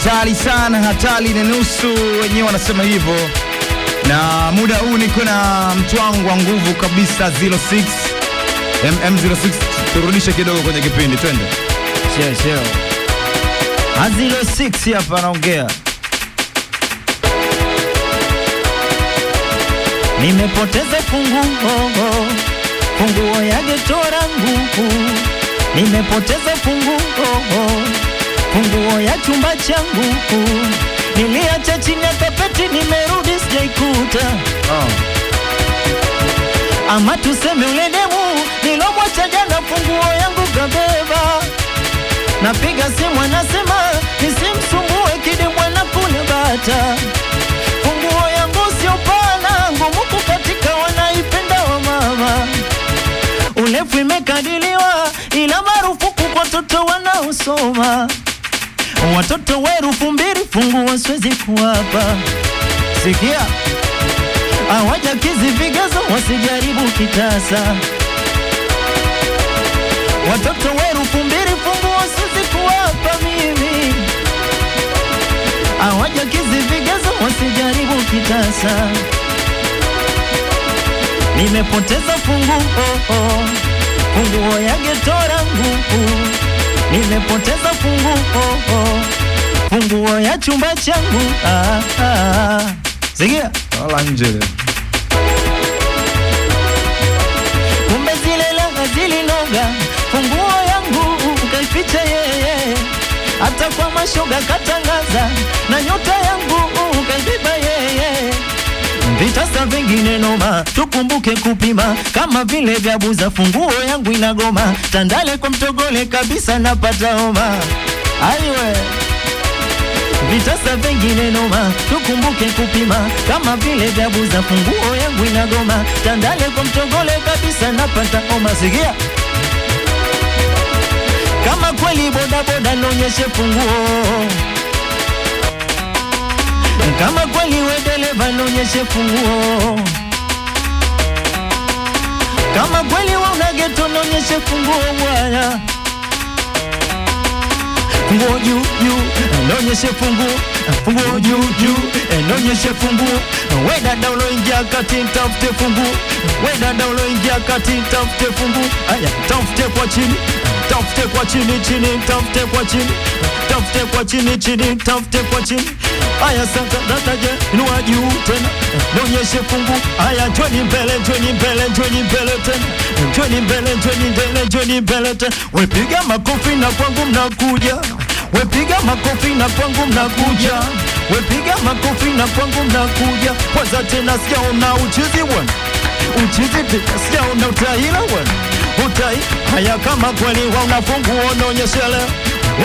hatari sana, hatari ni nusu, wenyewe wanasema hivyo. Na muda huu niko na wangu wa nguvu kabisa 06 MM06, turudishe kidogo kwenye kipindi, twende sio sio, a 6 hapa anaongea Nimepoteza funguo, oh, oh. funguo ya geto langu, nimepoteza funguo oh, funguo ya chumba changu niliacha chini ya kapeti, nimerudi sijaikuta. Oh. Ama tuseme ule demu nilomwacha jana, funguo yangu kabeba. Napiga simu anasema nisimsumbue, kidibwa na kule bata. Funguo yangu sio pana, ngumu kukatika, wanaipenda wa mama. ulefu imekadiliwa, ila marufuku kwa watoto wanaosoma watoto werufu mbili funguo siwezi kuwapa, sikia, hawajakizi vigezo wasijaribu kitasa. Watoto werufu mbili funguo siwezi kuwapa mimi, hawajakizi vigezo wasijaribu kitasa. Nimepoteza funguo, oh, oh. funguo ya geto langu oh nimepoteza fungu oh, oh. funguo ya chumba changu ah, ah. Sikia wala nje kumbe zile laga zilinoga funguo yangu ukaificha yeye hata kwa mashoga katangaza na nyota yangu uka mengine noma, tukumbuke kupima kama vile vya buza. funguo yangu inagoma, tandale kwa mtogole kabisa, napata homa aiwe vitasa vengine noma, tukumbuke kupima kama vile vya buza. funguo yangu inagoma, tandale kwa mtogole kabisa, napata homa. Sikia kama kweli bodaboda, nonyeshe funguo kama kweli we dereva nionyeshe funguo. Kama kweli we una geto nionyeshe funguo bwana. Funguo juu juu, nionyeshe funguo. Funguo juu juu, nionyeshe funguo. We dada uloingia kati, nitafute funguo. We dada uloingia kati, nitafute funguo. Aya, tafute kwa chini tafute kwa chini chini, tafute kwa chini, tafute kwa chini chini, tafute kwa chini. Haya sasa nataje inua juu tena, nionyeshe fungu. Haya njoni mbele, njoni mbele, njoni mbele tena, njoni mbele, njoni mbele, njoni mbele tena. Wepiga makofi na kwangu mnakuja, wepiga makofi na kwangu mnakuja Wepiga makofi na kwangu mnakuja, kwanza tena sijaona uchizi bwana, uchizi tena sijaona utaila bwana hutai haya. Kama kweli wa naonyesha leo,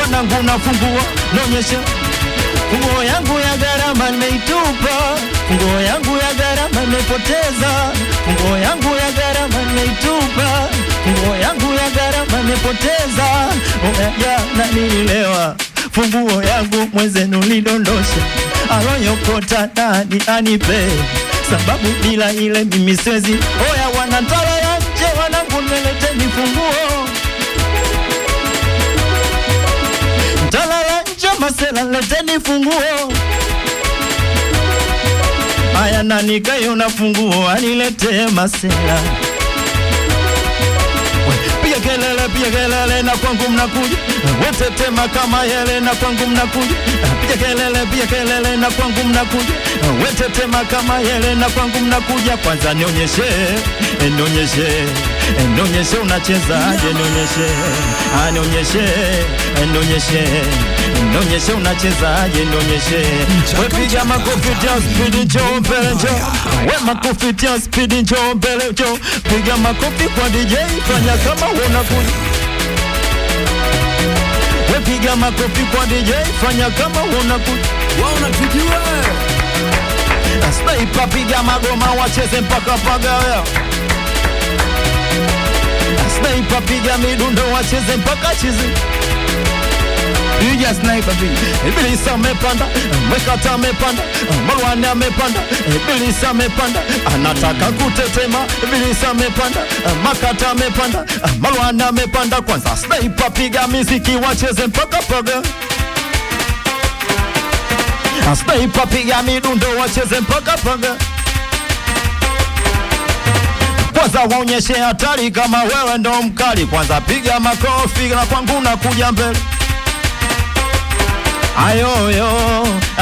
wanangu nafungua naonyesha funguo yangu ya gharama nimeitupa, funguo yangu ya gharama nimepoteza, funguo yangu ya gharama nimeitupa, funguo yangu ya gharama nimepoteza. Umeja na nililewa, funguo yangu mwenzenu lidondosha, alonyokota nani anipe? Sababu bila ile mimi siwezi. Oya wanatala leteni funguo. Aya, nani kayo na funguo anilete masela. Piga kelele, piga kelele na kwangu mnakuja. Wote tema kama yele na kwangu mnakuja. Piga kelele, piga kelele na kwangu mnakuja. Wote tema kama yele na kwangu mnakuja. Kwanza nionyeshe, eh, nionyeshe. Eh, nionyeshe unachezaje, nionyeshe. Ah, nionyeshe, eh, nionyeshe nionyeshe unachezaje, nionyeshe wepiga makofi tia spidi, njoo mbele, njoo we makofi tia spidi, njoo mbele, njoo piga makofi kwa DJ, fanya kama unakuja Piga makofi kwa DJ, fanya kama unakuja unatujua Sniper, piga magoma wacheze mpaka pagawe. Sniper, piga midundo wacheze mpaka chizi Yuja sniper B. Ibilisi eh, amepanda, eh, mwekata amepanda, eh, Marwani amepanda, Ibilisi amepanda, anataka kutetema, Ibilisi amepanda, Makata amepanda, Marwani amepanda. Kwanza sniper piga miziki wacheze mpaka poga. Ah, sniper piga midundo wacheze mpaka poga. Kwanza waonyeshe hatari kama wewe ndo mkali, kwanza piga makofi na kwangu na kuja mbele ayoyo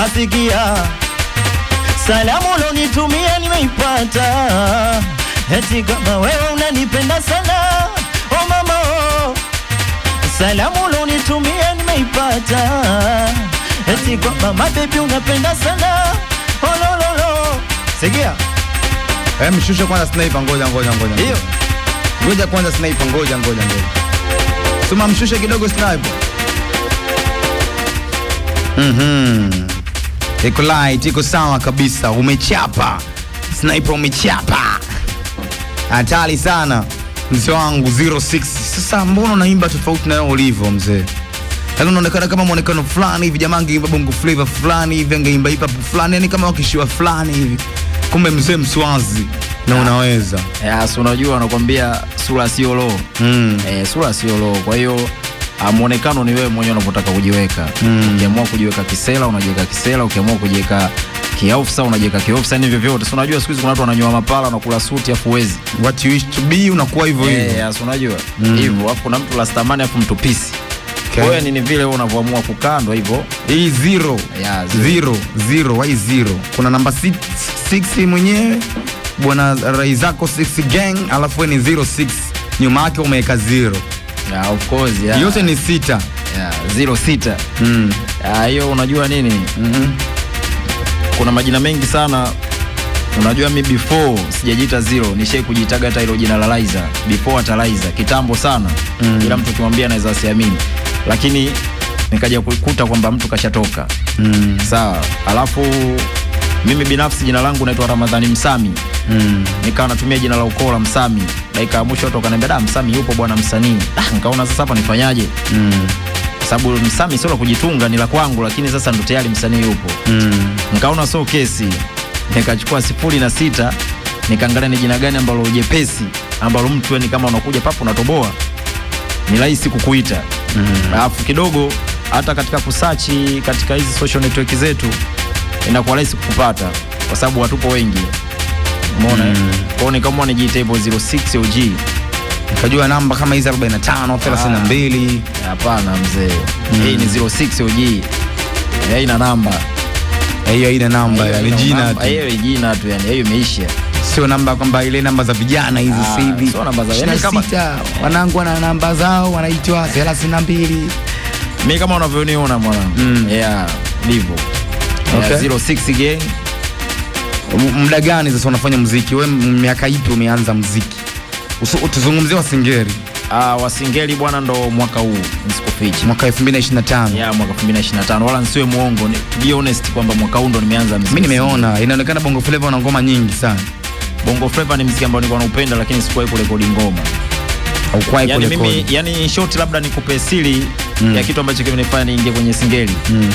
asikia salamu ulonitumia nimeipata, eti kama wewe unanipenda sana o oh, mama oh. Salamu ulonitumia nimeipata, eti kwamba mabebi unapenda sana olololo oh, sikia Eh, mshushe kwanza sniper, ngoja ngoja ngoja. Hiyo. Ngoja kwanza sniper, ngoja ngoja ngoja. Suma mshushe kidogo sniper. Mhm. Iko light, iko sawa kabisa. Umechapa. Sniper umechapa. Hatari sana. Mzee wangu 06. Sasa mbona unaimba tofauti na ulivyo mzee? Yaani unaonekana kama muonekano fulani hivi jamaa angeimba bongo flavor fulani hivi angeimba hip hop fulani yani kama wakishiwa fulani hivi. Kumbe mzee mswazi na unaweza. Yes, unajua anakuambia sura sio roho. Mm. Eh, sura sio roho. Kwa hiyo Ah, muonekano ni wewe mwenyewe unavyotaka kujiweka. Mm. Ukiamua kujiweka kisela unajiweka kisela, ukiamua kujiweka kiofisa unajiweka kiofisa, ni vyovyote. Si unajua siku hizi kuna watu wananyoa mapala na kula suti afu wezi. What you wish to be unakuwa hivyo hivyo. Yeah, yeah, unajua. hivyo Mm. Hivyo afu kuna mtu lastamani, afu mtu pisi. Okay. Wewe nini vile wewe unavyoamua kukandwa hivyo. Hii zero. Yeah, zero. Zero, zero, why zero? Kuna namba 6 mwenyewe bwana Raizako 6 gang alafu ni 06 nyuma yake umeweka zero yeah, of course, yeah. Yote ni sita yeah, zero sita mm. ah, hiyo Unajua nini mm -hmm. Kuna majina mengi sana unajua, mi before sijajiita zero nishai kujitaga hata hilo jina la Liza before hata Liza kitambo sana mm. Ila mtu kimwambia anaweza asiamini, lakini nikaja kukuta kwamba mtu kashatoka mm. Sawa, alafu mimi binafsi jina langu naitwa Ramadhani Msami mm. Nikawa natumia jina la ukoo la Msami dakika ya mwisho watu wakaniambia, da Msami yupo bwana msanii. Ah. Nikaona sasa hapa nifanyaje? mm. Sababu Msami sio la kujitunga, ni la kwangu, lakini sasa ndo tayari msanii yupo. mm. Nikaona sio kesi, nikachukua sifuri na sita nikaangalia ni jina gani ambalo jepesi ambalo mtu yani kama unakuja papo unatoboa ni rahisi kukuita. mm. Alafu kidogo hata katika kusachi katika hizi social network zetu inakuwa rahisi kukupata kwa sababu watupo wengi umeona eh? mm. kwao ni kama wanajiita hivyo 06 OG nikajua namba kama hizi 45 32 ah, hapana mzee mm. hii ni 06 OG hii ina namba eh, hiyo ina namba eh, ya yaani jina tu hiyo jina tu yani hiyo imeisha sio namba kwamba ile namba za vijana hizi ah, sasa hivi sio namba za yani yaani kama wanangu wana namba zao wanaitwa 32 mimi kama unavyoniona mwanangu mm. yeah ndivyo okay. yeah, 06 gang muda gani sasa unafanya muziki? we miaka ipi umeanza muziki? Tuzungumzie Wasingeli. Uh, Wasingeli bwana, ndo mwaka huu nisikufiche, mwaka 2025. Yeah, mwaka 2025, wala nisiwe muongo, to be honest kwamba mwaka huu ndo nimeanza muziki. Mimi nimeona inaonekana Bongo Flava wana ngoma nyingi sana. Bongo Flava ni muziki ambao nilikuwa naupenda, lakini sikuwahi kurekodi ngoma yani mimi, yani short, labda nikupe siri mm. ya kitu ambacho kimenifanya niingie kwenye Singeli mm.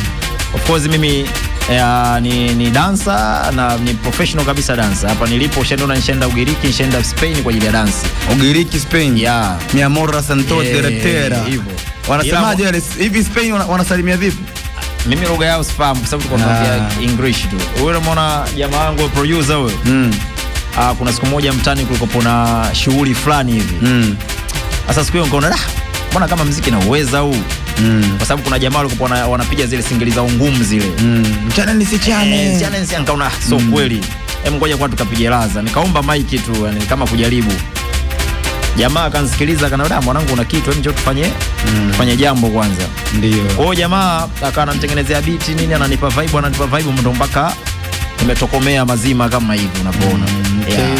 Of course mimi ya, ni, ni dansa na ni professional kabisa dansa. Hapa nilipo shendo nishenda Ugiriki, nishenda Spain kwa ajili ya dansi. Ugiriki, Spain. Yeah. Mi amor santo yeah, tertera. Hivyo. Wanasemaje wale hivi Spain wanasalimia vipi? Mimi lugha yao sifahamu kwa sababu tuko tunaongea ah. English tu. Wewe unaona jamaa wangu producer wewe. Mm. Ah, kuna siku moja mtani kulikopo na shughuli fulani hivi. Mm. Sasa siku hiyo nikaona, ah, mbona kama mziki na uweza huu mm. kwa sababu kuna jamaa walikuwa wanapiga zile singeli za ungumu zile mm. mchana nisichane eh, mchana nisichane, nikaona ah, so mm. kweli, hem, ngoja kwa tukapiga laza, nikaomba maiki tu yani kama kujaribu Jamaa akanisikiliza kanada, mwanangu una kitu, hem, njoo tufanye mm. tufanye jambo kwanza. Ndio kwa hiyo jamaa akawa anamtengenezea biti nini, ananipa vibe, ananipa vibe, mndo mpaka imetokomea mazima kama hivi unapoona mm. okay. yeah.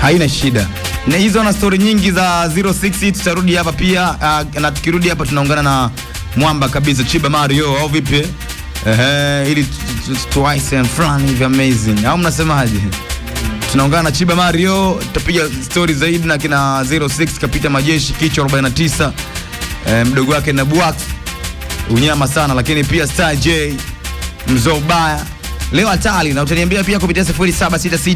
haina shida na hizo na story nyingi za 06 tutarudi hapa pia uh, na tukirudi hapa tunaungana na mwamba kabisa Chiba Mario au vipi? Ehe, ili twice and fun hivi amazing. Au mnasemaje? Tunaungana na Chiba Mario, tutapiga story zaidi na kina 06 kapita majeshi kicho 49. E, eh, mdogo wake na Buak unyama sana, lakini pia Star J mzobaya leo atali na utaniambia pia kupitia 0766